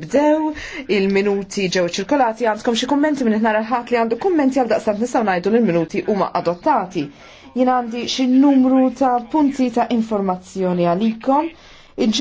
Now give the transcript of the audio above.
Bdew, il-minuti ġew ċirkolati għandkom xi kummenti minn nara ħadd li għandu kummenti għal daqstant nistgħu ngħidu li l-minuti huma adottati. Jien għandi xi numru ta' punti ta' informazzjoni għalikom.